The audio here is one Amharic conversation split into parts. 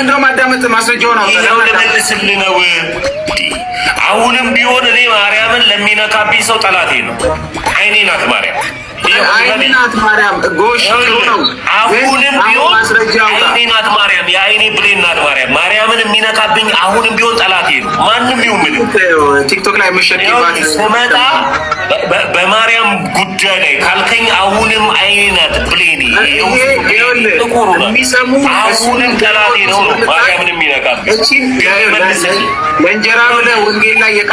ምንድን ነው ማዳመጥ ማስረጃው ነው ልመልስልህ ነው። አሁንም ቢሆን እኔ ማርያምን ለሚነካብኝ ሰው ጠላቴ ነው። አይኔ ናት ማርያም አይኔ ናት ማርያም ጎሽ ነው። አሁንም ቢሆን አይኔ ማርያም፣ የአይኔ ብሌን ናት ማርያም። ማርያምን የሚነካብኝ አሁንም ቢሆን ጠላት ነው። ማንም ይሁን ምን ቲክቶክ ላይ መሸባት ስመጣ በማርያም ጉዳይ ላይ ካልከኝ አሁንም አይኔ ናት ብሌን ጥቁሩ አሁንም ጠላት ነው ነው ማርያምን የሚነካብኝ ለእንጀራ ብለህ ወንጌል ላይ የካ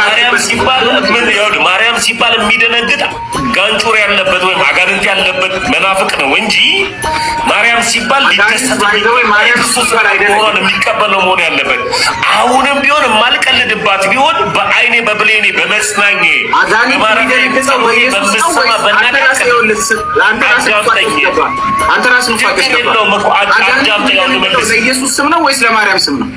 ማርያም ሲባል የሚደነግጥ ጋንጩር ያለበት ወይም አጋንንት ያለበት መናፍቅ ነው እንጂ ማርያም ሲባል ሊከሰት ሆኗን የሚቀበል ነው መሆን ያለበት። አሁንም ቢሆን የማልቀልድባት ቢሆን በአይኔ በብሌኔ በመጽናኜ በምሰማ በናዳቀአዳምጠ ያሉ መልስ ለኢየሱስ ስም ነው ወይስ ለማርያም ስም ነው?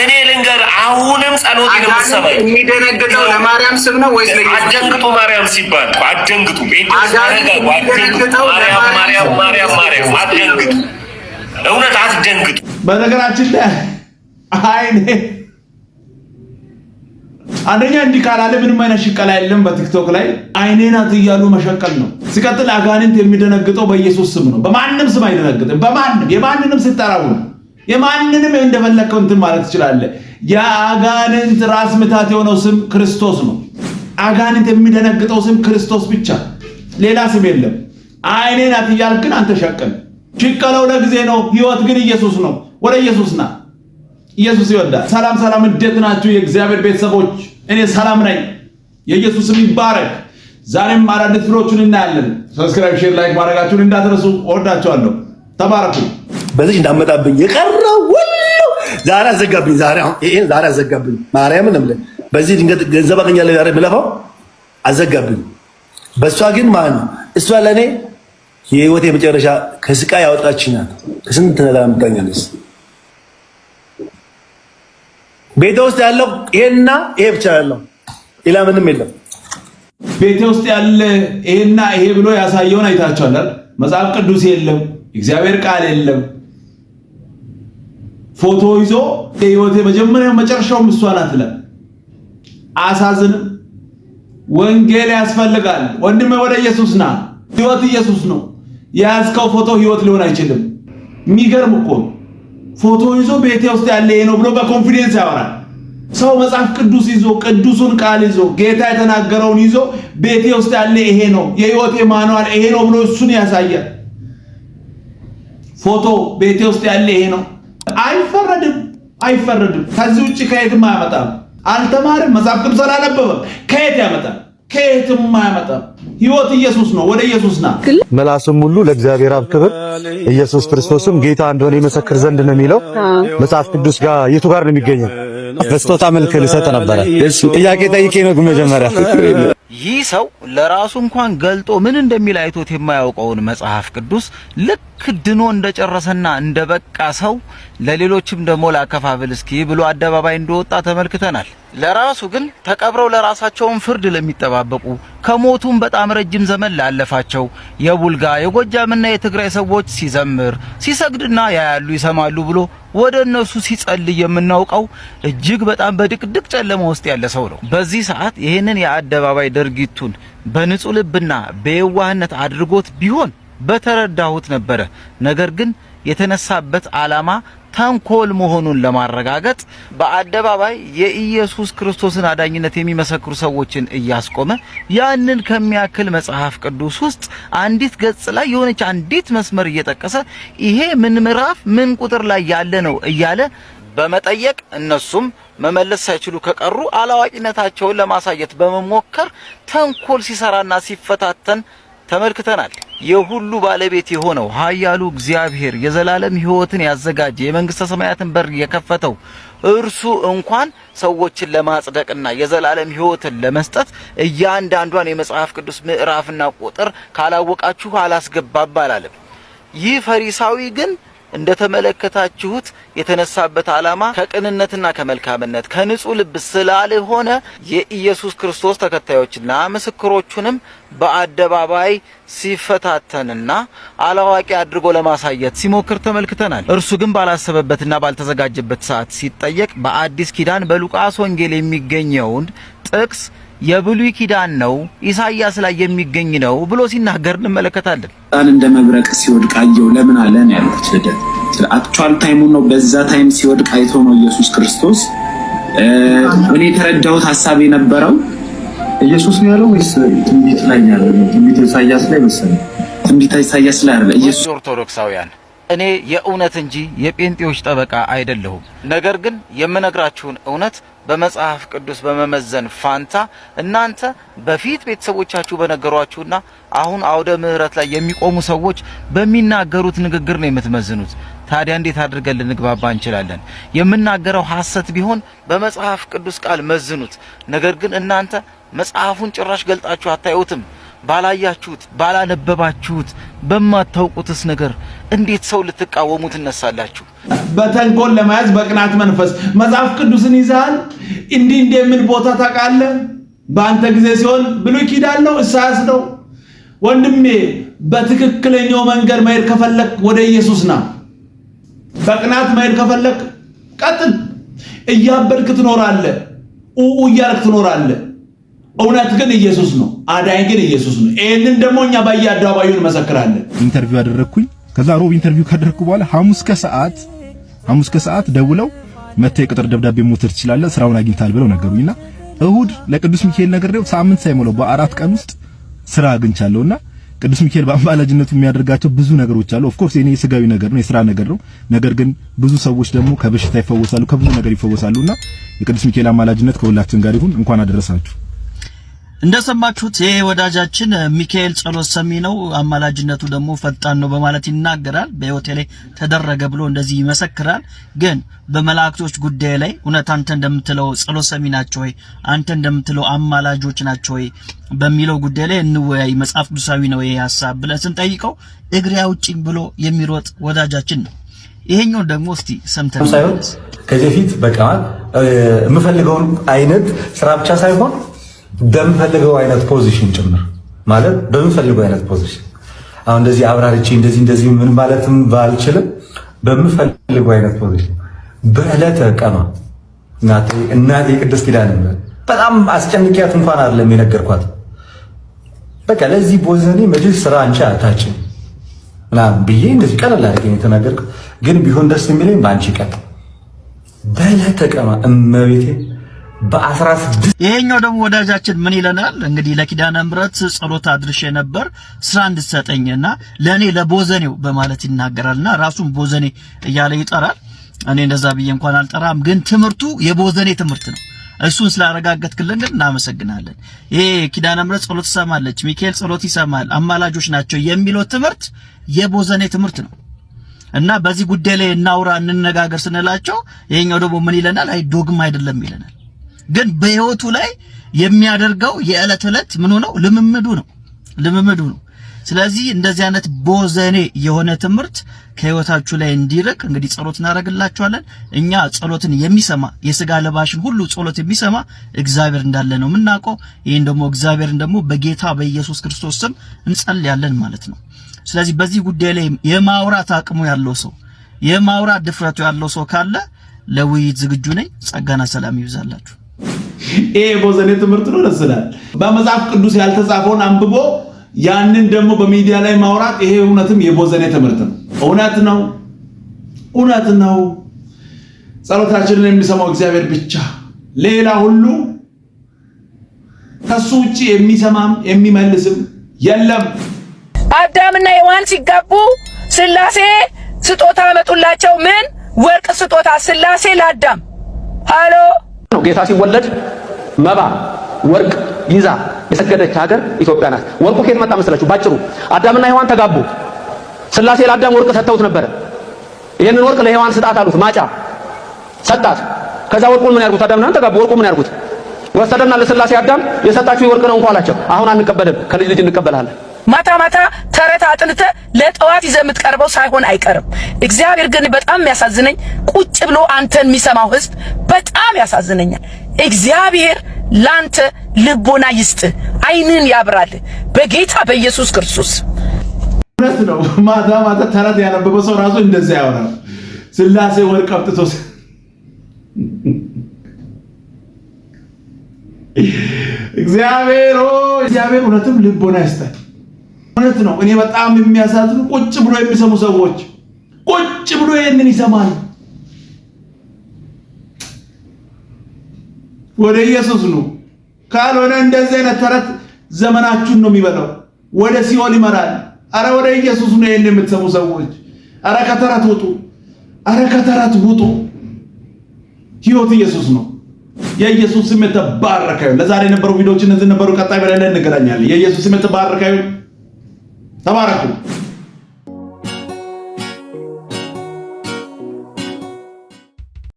እኔ ልንገር፣ አሁንም ጸሎት የምሰማኝ የሚደነግጠው ለማርያም ስም ነው ወይስ አደንግጡ ማርያም ሲባል አደንግጡ፣ አደንግጡ፣ እውነት አትደንግጡ። በነገራችን ላይ አይኔ አንደኛ እንዲህ ካላለ ምንም አይነት ሽቀላ የለም። በቲክቶክ ላይ አይኔ ናት እያሉ መሸቀል ነው። ሲቀጥል አጋንንት የሚደነግጠው በኢየሱስ ስም ነው። በማንም ስም አይደነግጥም። በማንም የማንንም ሲጠራው ነው የማንንም እንደፈለከው እንትን ማለት ትችላለህ። የአጋንንት ራስ ምታት የሆነው ስም ክርስቶስ ነው። አጋንንት የሚደነግጠው ስም ክርስቶስ ብቻ፣ ሌላ ስም የለም። አይኔ ናት እያልክ ግን አንተ ሸቅም ሽቀለው ለጊዜ ነው። ህይወት ግን ኢየሱስ ነው። ወደ ኢየሱስ ና፣ ኢየሱስ ይወዳል። ሰላም ሰላም፣ እንዴት ናችሁ የእግዚአብሔር ቤተሰቦች? እኔ ሰላም ነኝ። የኢየሱስ ስም ይባረክ። ዛሬም አዳዲስ ፍሬዎቹን እናያለን። ሰብስክራይብ፣ ሼር፣ ላይክ ማድረጋችሁን እንዳትረሱ። እወዳችኋለሁ። ተባረኩ። በዚህ እንዳመጣብኝ የቀረው ሁሉ ዛሬ አዘጋብኝ። ዛሬ አሁን ዛሬ አዘጋብኝ። ማርያምን እምልህ በዚህ ድንገት ገንዘብ አገኛለሁ ዛሬ የምለፋው አዘጋብኝ። በእሷ ግን ማን እሷ ለእኔ የህይወት የመጨረሻ ከስቃይ ያወጣችኛል። ከስንት ነገር አምጣኛለች። ቤተ ውስጥ ያለው ይሄና ይሄ ብቻ ያለው ሌላ ምንም የለም። ቤተ ውስጥ ያለ ይሄና ይሄ ብሎ ያሳየውን አይታችኋል። መጽሐፍ ቅዱስ የለም፣ እግዚአብሔር ቃል የለም። ፎቶ ይዞ የህይወቴ መጀመሪያ መጨረሻውም እሷ ናት አሳዝን አሳዝንም። ወንጌል ያስፈልጋል ወንድሜ፣ ወደ ኢየሱስ ና። ህይወት ኢየሱስ ነው። የያዝከው ፎቶ ህይወት ሊሆን አይችልም። የሚገርም እኮ ፎቶ ይዞ ቤቴ ውስጥ ያለ ይሄ ነው ብሎ በኮንፊደንስ ያወራል። ሰው መጽሐፍ ቅዱስ ይዞ ቅዱሱን ቃል ይዞ ጌታ የተናገረውን ይዞ ቤቴ ውስጥ ያለ ይሄ ነው የህይወቴ ማንዋል ይሄ ነው ብሎ እሱን ያሳያል። ፎቶ ቤቴ ውስጥ ያለ ይሄ ነው አይፈረድም፣ አይፈረድም። ከዚህ ውጭ ከየትም አያመጣም። አልተማርም፣ መጽሐፍ ቅዱስ አላነበበም። ከየት ያመጣል? ከየትም አያመጣም። ህይወት ኢየሱስ ነው። ወደ ኢየሱስ ና። መላሱም ሁሉ ለእግዚአብሔር አብ ክብር፣ ኢየሱስ ክርስቶስም ጌታ እንደሆነ ይመሰክር ዘንድ ነው የሚለው መጽሐፍ ቅዱስ ጋር የቱ ጋር ነው የሚገኘው? በስጦታ መልክ ልሰጥ ነበረ ጥያቄ ጠይቄ ነው መጀመሪያ ይህ ሰው ለራሱ እንኳን ገልጦ ምን እንደሚል አይቶት የማያውቀውን መጽሐፍ ቅዱስ ልክ ድኖ እንደጨረሰና እንደበቃ ሰው ለሌሎችም ደግሞ ላከፋፍል እስኪ ብሎ አደባባይ እንደወጣ ተመልክተናል። ለራሱ ግን ተቀብረው ለራሳቸውን ፍርድ ለሚጠባበቁ ከሞቱም በጣም ረጅም ዘመን ላለፋቸው የቡልጋ የጎጃምና የትግራይ ሰዎች ሲዘምር ሲሰግድና ያያሉ ይሰማሉ ብሎ ወደ እነሱ ሲጸልይ የምናውቀው እጅግ በጣም በድቅድቅ ጨለማ ውስጥ ያለ ሰው ነው። በዚህ ሰዓት ይህንን የአደባባይ ድርጊቱን በንጹህ ልብና በየዋህነት አድርጎት ቢሆን በተረዳሁት ነበረ። ነገር ግን የተነሳበት ዓላማ ተንኮል መሆኑን ለማረጋገጥ በአደባባይ የኢየሱስ ክርስቶስን አዳኝነት የሚመሰክሩ ሰዎችን እያስቆመ ያንን ከሚያክል መጽሐፍ ቅዱስ ውስጥ አንዲት ገጽ ላይ የሆነች አንዲት መስመር እየጠቀሰ ይሄ ምን ምዕራፍ ምን ቁጥር ላይ ያለ ነው እያለ በመጠየቅ እነሱም መመለስ ሳይችሉ ከቀሩ አላዋቂነታቸውን ለማሳየት በመሞከር ተንኮል ሲሰራና ሲፈታተን ተመልክተናል። የሁሉ ባለቤት የሆነው ኃያሉ እግዚአብሔር የዘላለም ሕይወትን ያዘጋጀ የመንግሥተ ሰማያትን በር የከፈተው እርሱ እንኳን ሰዎችን ለማጽደቅና የዘላለም ሕይወትን ለመስጠት እያንዳንዷን የመጽሐፍ ቅዱስ ምዕራፍና ቁጥር ካላወቃችሁ አላስገባም አላለም። ይህ ፈሪሳዊ ግን እንደተመለከታችሁት የተነሳበት ዓላማ ከቅንነትና ከመልካምነት ከንጹህ ልብ ስላልሆነ የኢየሱስ ክርስቶስ ተከታዮችና ምስክሮቹንም በአደባባይ ሲፈታተንና አላዋቂ አድርጎ ለማሳየት ሲሞክር ተመልክተናል። እርሱ ግን ባላሰበበትና ባልተዘጋጀበት ሰዓት ሲጠየቅ በአዲስ ኪዳን በሉቃስ ወንጌል የሚገኘውን ጥቅስ የብሉይ ኪዳን ነው፣ ኢሳይያስ ላይ የሚገኝ ነው ብሎ ሲናገር እንመለከታለን። ቃል እንደ መብረቅ ሲወድቅ አየው ለምን አለ ነው ያልኩት። ልደት አክቹዋል ታይሙ ነው። በዛ ታይም ሲወድቅ አይቶ ነው ኢየሱስ ክርስቶስ። እኔ የተረዳሁት ሀሳብ የነበረው ኢየሱስ ነው ያለው ወይስ ትንቢት ላይ ያለው? ትንቢት ኢሳይያስ ላይ መሰለኝ። ትንቢት ኢሳይያስ ላይ አለ ኢየሱስ ኦርቶዶክሳውያን እኔ የእውነት እንጂ የጴንጤዎች ጠበቃ አይደለሁም። ነገር ግን የምነግራችሁን እውነት በመጽሐፍ ቅዱስ በመመዘን ፋንታ እናንተ በፊት ቤተሰቦቻችሁ በነገሯችሁና አሁን አውደ ምሕረት ላይ የሚቆሙ ሰዎች በሚናገሩት ንግግር ነው የምትመዝኑት። ታዲያ እንዴት አድርገን ልንግባባ እንችላለን? የምናገረው ሐሰት ቢሆን በመጽሐፍ ቅዱስ ቃል መዝኑት። ነገር ግን እናንተ መጽሐፉን ጭራሽ ገልጣችሁ አታዩትም። ባላያችሁት፣ ባላነበባችሁት፣ በማታውቁትስ ነገር እንዴት ሰው ልትቃወሙ ትነሳላችሁ? በተንኮል ለመያዝ በቅናት መንፈስ መጽሐፍ ቅዱስን ይዛል። እንዲህ እንዲህ የሚል ቦታ ታውቃለህ? በአንተ ጊዜ ሲሆን ብሉይ ኪዳን ነው ኢሳያስ ነው። ወንድሜ በትክክለኛው መንገድ መሄድ ከፈለክ ወደ ኢየሱስ ና። በቅናት መሄድ ከፈለክ ቀጥል። እያበድክ ትኖራለህ፣ ኡኡ እያልክ ትኖራለህ። እውነት ግን ኢየሱስ ነው፣ አዳኝ ግን ኢየሱስ ነው። ይህንን ደግሞ እኛ በየአደባባዩ እንመሰክራለን። ኢንተርቪው አደረግኩኝ ከዛ ሮብ ኢንተርቪው ካደረኩ በኋላ ሐሙስ ከሰዓት ሐሙስ ከሰዓት ደውለው መተ የቅጥር ደብዳቤ ሞተር ትችላለህ፣ ስራውን አግኝታል ብለው ነገሩኝና እሁድ ለቅዱስ ሚካኤል ነግሬው ሳምንት ሳይሞላው በአራት ቀን ውስጥ ስራ አግኝቻለሁና ቅዱስ ሚካኤል በአማላጅነቱ የሚያደርጋቸው ብዙ ነገሮች አሉ። ኦፍ ኮርስ እኔ ስጋዊ ነገር ነው፣ የስራ ነገር ነው። ነገር ግን ብዙ ሰዎች ደግሞ ከበሽታ ይፈወሳሉ፣ ከብዙ ነገር ይፈወሳሉና የቅዱስ ሚካኤል አማላጅነት ከሁላችን ጋር ይሁን። እንኳን አደረሳችሁ። እንደሰማችሁት ይህ ወዳጃችን ሚካኤል ጸሎት ሰሚ ነው፣ አማላጅነቱ ደግሞ ፈጣን ነው በማለት ይናገራል። በህይወቴ ላይ ተደረገ ብሎ እንደዚህ ይመሰክራል። ግን በመላእክቶች ጉዳይ ላይ እውነት አንተ እንደምትለው ጸሎት ሰሚ ናቸው ወይ፣ አንተ እንደምትለው አማላጆች ናቸው ወይ በሚለው ጉዳይ ላይ እንወያይ። መጽሐፍ ቅዱሳዊ ነው ይሄ ሀሳብ ብለን ስንጠይቀው እግሬ አውጪኝ ብሎ የሚሮጥ ወዳጃችን ነው። ይሄኛው ደግሞ እስቲ ሰምተን ሳይሆን ከዚህ ፊት በቃ የምፈልገውን አይነት ስራ ብቻ ሳይሆን በምፈልገው አይነት ፖዚሽን ጭምር ማለት በምፈልገው አይነት ፖዚሽን አሁን እንደዚህ አብራርቼ እንደዚህ እንደዚህ ምን ማለትም ባልችልም በምፈልገው አይነት ፖዚሽን በዕለተ ቀኗ እናቴ ቅድስት ኪዳን ምሕረት በጣም አስጨንቂያት እንኳን አይደለም የነገርኳት። በቃ ለዚህ ቦዘኔ መጅልስ ስራ አንቺ አታችን ምናምን ብዬ እንደዚህ ቀለል አድርጌ የተናገርኩት ግን ቢሆን ደስ የሚለኝ በአንቺ ቀን በዕለተ ቀኗ እመቤቴ ይሄኛው ደግሞ ወዳጃችን ምን ይለናል? እንግዲህ ለኪዳነ ምሕረት ጸሎት አድርሼ ነበር ስራ እንድትሰጠኝና ለኔ ለቦዘኔው በማለት ይናገራልና ራሱን ቦዘኔ እያለ ይጠራል። እኔ እንደዛ ብዬ እንኳን አልጠራም፣ ግን ትምህርቱ የቦዘኔ ትምህርት ነው። እሱን ስላረጋገጥክልን ግን እናመሰግናለን። ይሄ ኪዳነ ምሕረት ጸሎት ትሰማለች፣ ሚካኤል ጸሎት ይሰማል፣ አማላጆች ናቸው የሚለው ትምህርት የቦዘኔ ትምህርት ነው። እና በዚህ ጉዳይ ላይ እናውራ፣ እንነጋገር ስንላቸው ይሄኛው ደግሞ ምን ይለናል? አይ ዶግማ አይደለም ይለናል። ግን በህይወቱ ላይ የሚያደርገው የዕለት ዕለት ምን ነው ልምምዱ ነው ልምምዱ ነው። ስለዚህ እንደዚህ አይነት ቦዘኔ የሆነ ትምህርት ከህይወታችሁ ላይ እንዲርቅ እንግዲህ ጸሎት እናደርግላችኋለን። እኛ ጸሎትን የሚሰማ የስጋ ለባሽን ሁሉ ጸሎት የሚሰማ እግዚአብሔር እንዳለ ነው የምናውቀው። ይህን ደግሞ እግዚአብሔርን ደግሞ በጌታ በኢየሱስ ክርስቶስ ስም እንጸልያለን ማለት ነው። ስለዚህ በዚህ ጉዳይ ላይ የማውራት አቅሙ ያለው ሰው የማውራት ድፍረቱ ያለው ሰው ካለ ለውይይት ዝግጁ ነኝ። ጸጋና ሰላም ይብዛላችሁ። ይሄ ቦዘኔ ትምህርት ነው። ደስ ይላል። በመጽሐፍ ቅዱስ ያልተጻፈውን አንብቦ ያንን ደግሞ በሚዲያ ላይ ማውራት ይሄ እውነትም የቦዘኔ ትምህርት ነው። እውነት ነው፣ እውነት ነው። ጸሎታችንን የሚሰማው እግዚአብሔር ብቻ፣ ሌላ ሁሉ ከሱ ውጭ የሚሰማም የሚመልስም የለም። አዳምና ሔዋን ሲጋቡ ስላሴ ስጦታ አመጡላቸው። ምን ወርቅ ስጦታ ስላሴ ለአዳም ሃሎ ነው። ጌታ ሲወለድ መባ ወርቅ ይዛ የሰገደች ሀገር ኢትዮጵያ ናት። ወርቁ ከየት መጣ መስላችሁ? ባጭሩ አዳምና ሔዋን ተጋቡ። ስላሴ ለአዳም ወርቅ ሰጥተውት ነበረ። ይህንን ወርቅ ለሔዋን ስጣት አሉት። ማጫ ሰጣት። ከዛ ወርቁ ምን ያርጉት? አዳምና ተጋቡ። ወርቁ ምን ያርጉት? ወሰደና ለስላሴ አዳም የሰጣችሁ ወርቅ ነው እንኳን አላቸው። አሁን አንቀበልም፣ ከልጅ ልጅ እንቀበላለን። ማታ ማታ ተረት አጥንተ ለጠዋት ይዘ የምትቀርበው ሳይሆን አይቀርም። እግዚአብሔር ግን በጣም የሚያሳዝነኝ ቁጭ ብሎ አንተን የሚሰማው ህዝብ በጣም ያሳዝነኛል። እግዚአብሔር ላንተ ልቦና ይስጥ፣ አይንን ያብራል በጌታ በኢየሱስ ክርስቶስ። እውነት ነው። ማታ ማታ ተረት ያነበበ ሰው ራሱ እንደዚያ ያወራል። ስላሴ ወርቅ አምጥቶ እግዚአብሔር እግዚአብሔር እውነትም ልቦና ይስጣል። እውነት ነው። እኔ በጣም የሚያሳዝኑ ቁጭ ብሎ የሚሰሙ ሰዎች ቁጭ ብሎ ይህንን ይሰማል። ወደ ኢየሱስ ኑ፣ ካልሆነ እንደዚህ አይነት ተረት ዘመናችሁን ነው የሚበላው፣ ወደ ሲኦል ይመራል። አረ ወደ ኢየሱስ ነው ይህን የምትሰሙ ሰዎች፣ አረ ከተረት ውጡ፣ አረ ከተረት ውጡ። ህይወት ኢየሱስ ነው። የኢየሱስ ስም የተባረከ። ለዛሬ የነበሩ ቪዲዮዎች እነዚህ ነበሩ። ቀጣይ በሌላ እንገናኛለን። የኢየሱስ ስም የተባረከ። Tamara, tá